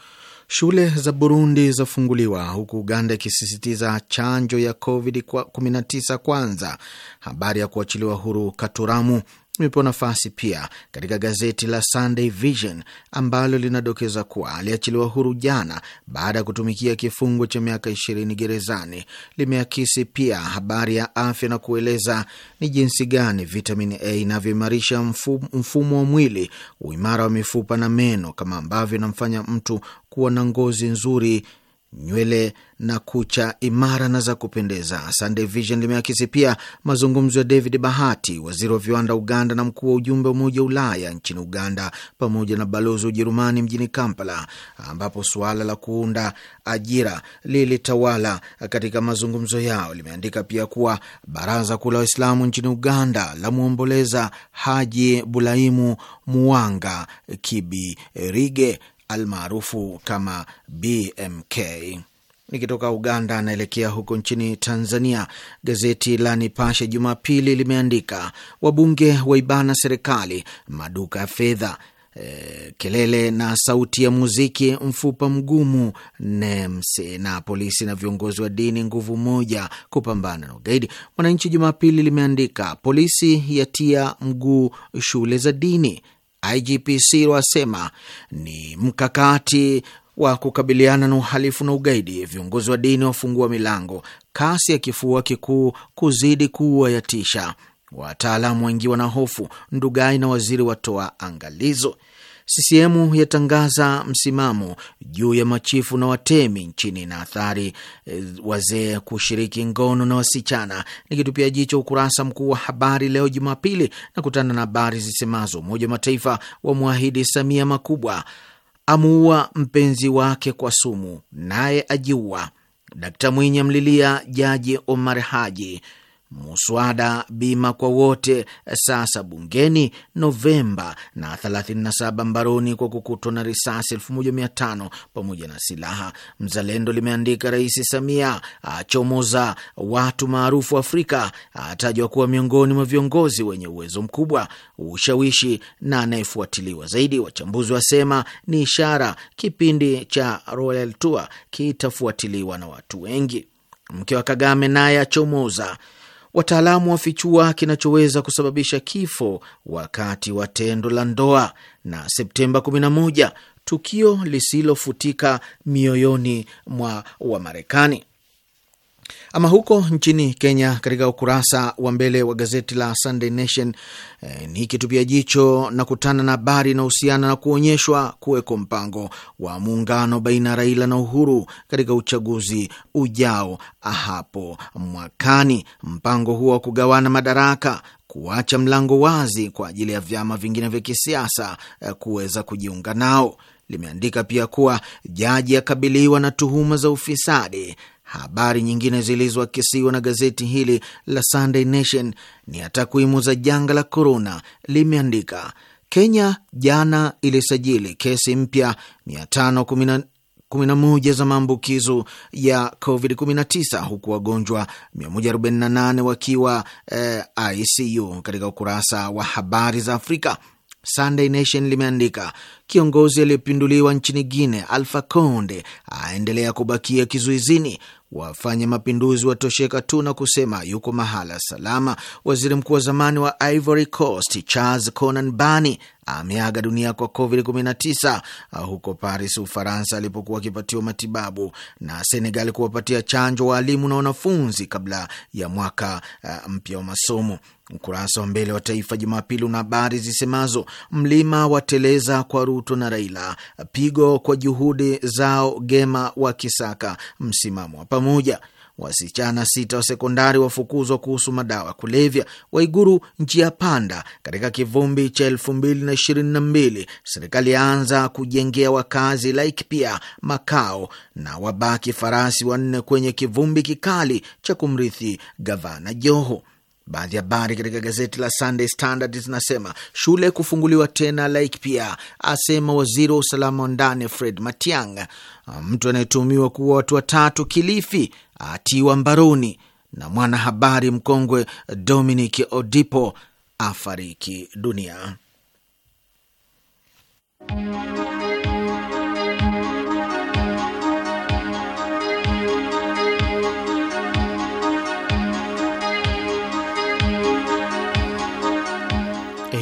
Shule za Burundi zafunguliwa huku Uganda ikisisitiza chanjo ya COVID-19 kwanza. Habari ya kuachiliwa huru Katuramu imepewa nafasi pia katika gazeti la Sunday Vision ambalo linadokeza kuwa aliachiliwa huru jana baada ya kutumikia kifungo cha miaka ishirini gerezani. Limeakisi pia habari ya afya na kueleza ni jinsi gani vitamini A inavyoimarisha mfumo, mfumo wa mwili, uimara wa mifupa na meno, kama ambavyo inamfanya mtu kuwa na ngozi nzuri nywele na kucha imara na za kupendeza. Sunday Vision limeakisi pia mazungumzo ya David Bahati, waziri wa viwanda Uganda na mkuu wa ujumbe wa Umoja wa Ulaya nchini Uganda, pamoja na balozi wa Ujerumani mjini Kampala, ambapo suala la kuunda ajira lilitawala katika mazungumzo yao. Limeandika pia kuwa Baraza Kuu la Waislamu nchini Uganda la muomboleza Haji Bulaimu Muwanga Kibirige almaarufu kama BMK. Nikitoka Uganda anaelekea huko nchini Tanzania. Gazeti la Nipashe Jumapili limeandika wabunge waibana serikali, maduka ya fedha E, kelele na sauti ya muziki, mfupa mgumu NEMS, na polisi na viongozi wa dini nguvu moja kupambana na ugaidi. Mwananchi Jumapili limeandika polisi yatia mguu shule za dini, IGPC wasema ni mkakati wa kukabiliana na uhalifu na ugaidi. Viongozi wa dini wafungua milango. Kasi ya kifua kikuu kuzidi kuwa yatisha. Wataalamu wengi na hofu. Ndugai na waziri watoa angalizo. CCM yatangaza msimamo juu ya machifu na watemi nchini na athari e, wazee kushiriki ngono na wasichana. Nikitupia jicho ukurasa mkuu wa habari leo Jumapili na kutana na habari zisemazo Umoja wa Mataifa wamwahidi Samia makubwa, amuua mpenzi wake kwa sumu, naye ajiua. Dkt Mwinyi amlilia Jaji Omar Haji. Muswada bima kwa wote sasa bungeni Novemba na 37 mbaroni kwa kukutwa na risasi 1500 pamoja na silaha. Mzalendo limeandika Rais Samia achomoza watu maarufu Afrika, atajwa kuwa miongoni mwa viongozi wenye uwezo mkubwa, ushawishi na anayefuatiliwa zaidi. Wachambuzi wasema ni ishara kipindi cha Royal Tour kitafuatiliwa na watu wengi. Mke wa Kagame naye achomoza Wataalamu wafichua kinachoweza kusababisha kifo wakati wa tendo la ndoa, na Septemba 11 tukio lisilofutika mioyoni mwa Wamarekani. Ama huko nchini Kenya, katika ukurasa wa mbele wa gazeti la Sunday Nation eh, ni kitupia jicho na kutana na habari inahusiana na kuonyeshwa kuweko mpango wa muungano baina ya Raila na Uhuru katika uchaguzi ujao hapo mwakani. Mpango huo wa kugawana madaraka kuacha mlango wazi kwa ajili ya vyama vingine vya kisiasa eh, kuweza kujiunga nao. Limeandika pia kuwa jaji akabiliwa na tuhuma za ufisadi Habari nyingine zilizoakisiwa na gazeti hili la Sunday Nation ni ya takwimu za janga la korona. Limeandika Kenya jana ilisajili kesi mpya 511 za maambukizo ya COVID-19 huku wagonjwa 148 wakiwa eh, ICU. Katika ukurasa wa habari za Afrika, Sunday Nation limeandika kiongozi aliyepinduliwa nchini Guinea Alpha Conde aendelea kubakia kizuizini Wafanya mapinduzi watosheka tu na kusema yuko mahala salama. Waziri mkuu wa zamani wa Ivory Coast Charles conan Bani ameaga dunia kwa COVID-19 uh, huko Paris, Ufaransa, alipokuwa akipatiwa matibabu na Senegal kuwapatia chanjo waalimu na wanafunzi kabla ya mwaka uh, mpya wa masomo. Ukurasa wa mbele wa Taifa Jumapili una habari zisemazo mlima wateleza kwa Ruto na Raila, pigo kwa juhudi zao, Gema wa Kisaka, msimamo wa pamoja wasichana sita wa sekondari wafukuzwa kuhusu madawa ya kulevya, Waiguru njia ya panda katika kivumbi cha elfu mbili na ishirini na mbili, serikali yaanza kujengea wakazi pia makao, na wabaki farasi wanne kwenye kivumbi kikali cha kumrithi gavana Joho. Baadhi ya habari katika gazeti la Sunday Standard zinasema shule kufunguliwa tena pia asema waziri wa usalama wa ndani Fred Matiang'i. Mtu anayetuhumiwa kuwa watu watatu Kilifi atiwa mbaroni na mwanahabari mkongwe Dominic Odipo afariki dunia.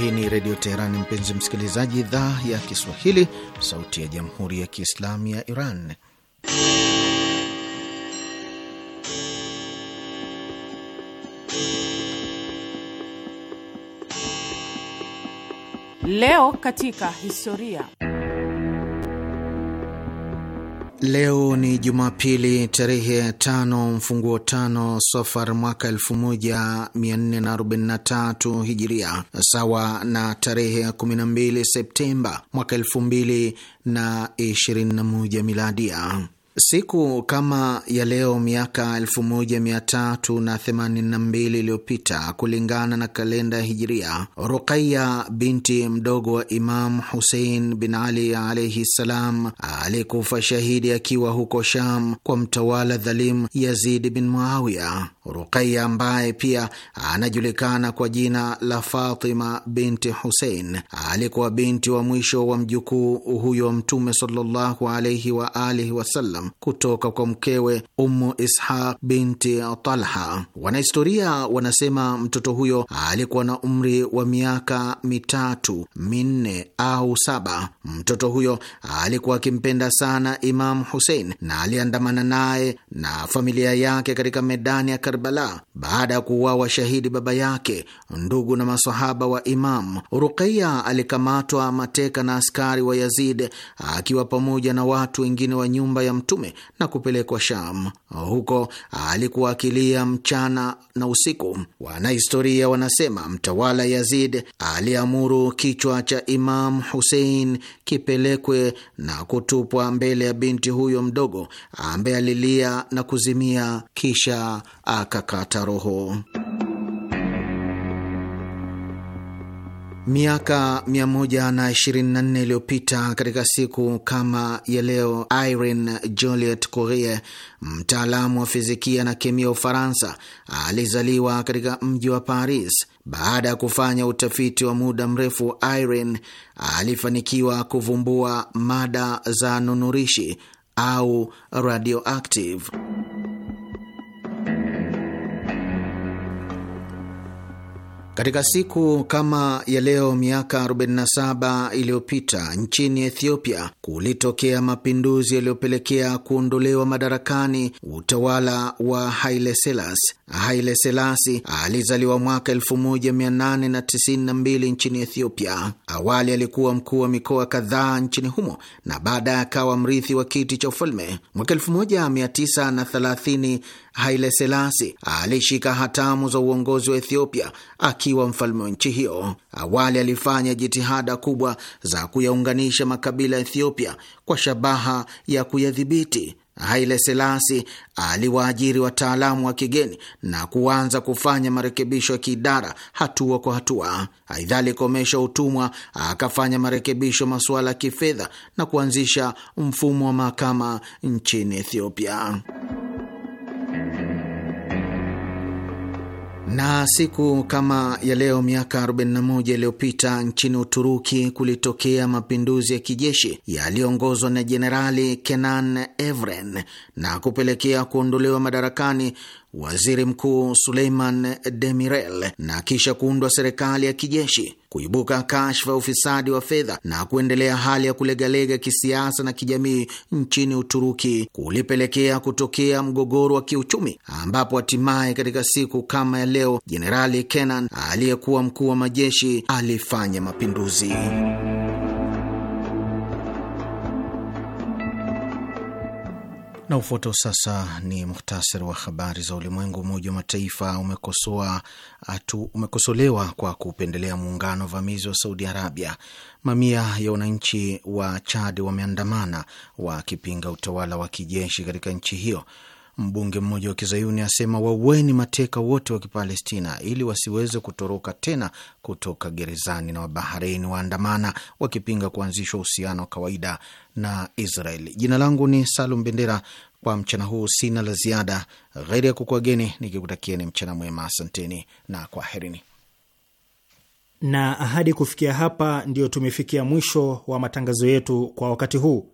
Hii ni Redio Teherani, mpenzi msikilizaji, idhaa ya Kiswahili, sauti ya Jamhuri ya Kiislamu ya Iran. Leo katika historia. Leo ni Jumapili tarehe ya tano mfunguo tano Safar mwaka 1443 Hijiria, sawa na tarehe ya 12 Septemba mwaka 2021 Miladia. Siku kama ya leo miaka 1382 iliyopita kulingana na kalenda ya Hijiria, Ruqaya binti mdogo wa Imam Husein bin Ali alaihi ssalam alikufa shahidi akiwa huko Sham kwa mtawala dhalim Yazid bin Muawiya. Ruqaya ambaye pia anajulikana kwa jina la Fatima binti Husein alikuwa binti wa mwisho wa mjukuu huyo wa Mtume sallallahu alaihi waalihi wasallam Islam kutoka kwa mkewe Ummu Ishaq binti Talha. Wanahistoria wanasema mtoto huyo alikuwa na umri wa miaka mitatu, minne au saba. Mtoto huyo alikuwa akimpenda sana Imam Husein na aliandamana naye na familia yake katika medani ya Karbala baada ya kuuawa shahidi baba yake, ndugu na masahaba wa Imam. ruqeya alikamatwa mateka na askari wa Yazid akiwa pamoja na watu wengine wa nyumba ya mtu mtume na kupelekwa Sham. Huko alikuwa akilia mchana na usiku. Wanahistoria wanasema mtawala Yazid aliamuru kichwa cha Imam Husein kipelekwe na kutupwa mbele ya binti huyo mdogo ambaye alilia na kuzimia, kisha akakata roho. Miaka 124 iliyopita katika siku kama ya leo, Irene Joliot Curie, mtaalamu wa fizikia na kemia wa Ufaransa, alizaliwa katika mji wa Paris. Baada ya kufanya utafiti wa muda mrefu, Irene alifanikiwa kuvumbua mada za nunurishi au radioactive. Katika siku kama ya leo miaka 47 iliyopita nchini Ethiopia kulitokea mapinduzi yaliyopelekea kuondolewa madarakani utawala wa Haile Selassie. Haile Selassie alizaliwa mwaka 1892 nchini Ethiopia. Awali alikuwa mkuu wa mikoa kadhaa nchini humo na baadaye akawa mrithi wa kiti cha ufalme. Mwaka 1930 Haile Selassie alishika hatamu za uongozi wa Ethiopia aki akiwa mfalme wa nchi hiyo. Awali alifanya jitihada kubwa za kuyaunganisha makabila ya Ethiopia kwa shabaha ya kuyadhibiti. Haile Selasi aliwaajiri wataalamu wa kigeni na kuanza kufanya marekebisho ya kiidara hatua kwa hatua. Aidha, alikomesha utumwa, akafanya marekebisho masuala ya kifedha na kuanzisha mfumo wa mahakama nchini Ethiopia. Na siku kama ya leo miaka 41 iliyopita nchini Uturuki kulitokea mapinduzi ya kijeshi yaliyoongozwa na Jenerali Kenan Evren na kupelekea kuondolewa madarakani waziri mkuu Suleiman Demirel na kisha kuundwa serikali ya kijeshi, kuibuka kashfa ya ufisadi wa fedha na kuendelea hali ya kulegalega kisiasa na kijamii nchini Uturuki kulipelekea kutokea mgogoro wa kiuchumi, ambapo hatimaye katika siku kama ya leo Jenerali Kenan aliyekuwa mkuu wa majeshi alifanya mapinduzi. Na ufuatao sasa ni muhtasari wa habari za ulimwengu. Umoja wa Mataifa umekosoa atu, umekosolewa kwa kupendelea muungano vamizi wa Saudi Arabia. Mamia ya wananchi wa Chad wameandamana wakipinga utawala wa kijeshi katika nchi hiyo. Mbunge mmoja wa kizayuni asema waueni mateka wote wa Kipalestina ili wasiweze kutoroka tena kutoka gerezani, na Wabahreini waandamana wakipinga kuanzishwa uhusiano wa kawaida na Israeli. Jina langu ni Salum Bendera. Kwa mchana huu sina la ziada ghairi ya kukuageni nikikutakieni mchana mwema. Asanteni na kwaherini na ahadi. Kufikia hapa, ndiyo tumefikia mwisho wa matangazo yetu kwa wakati huu.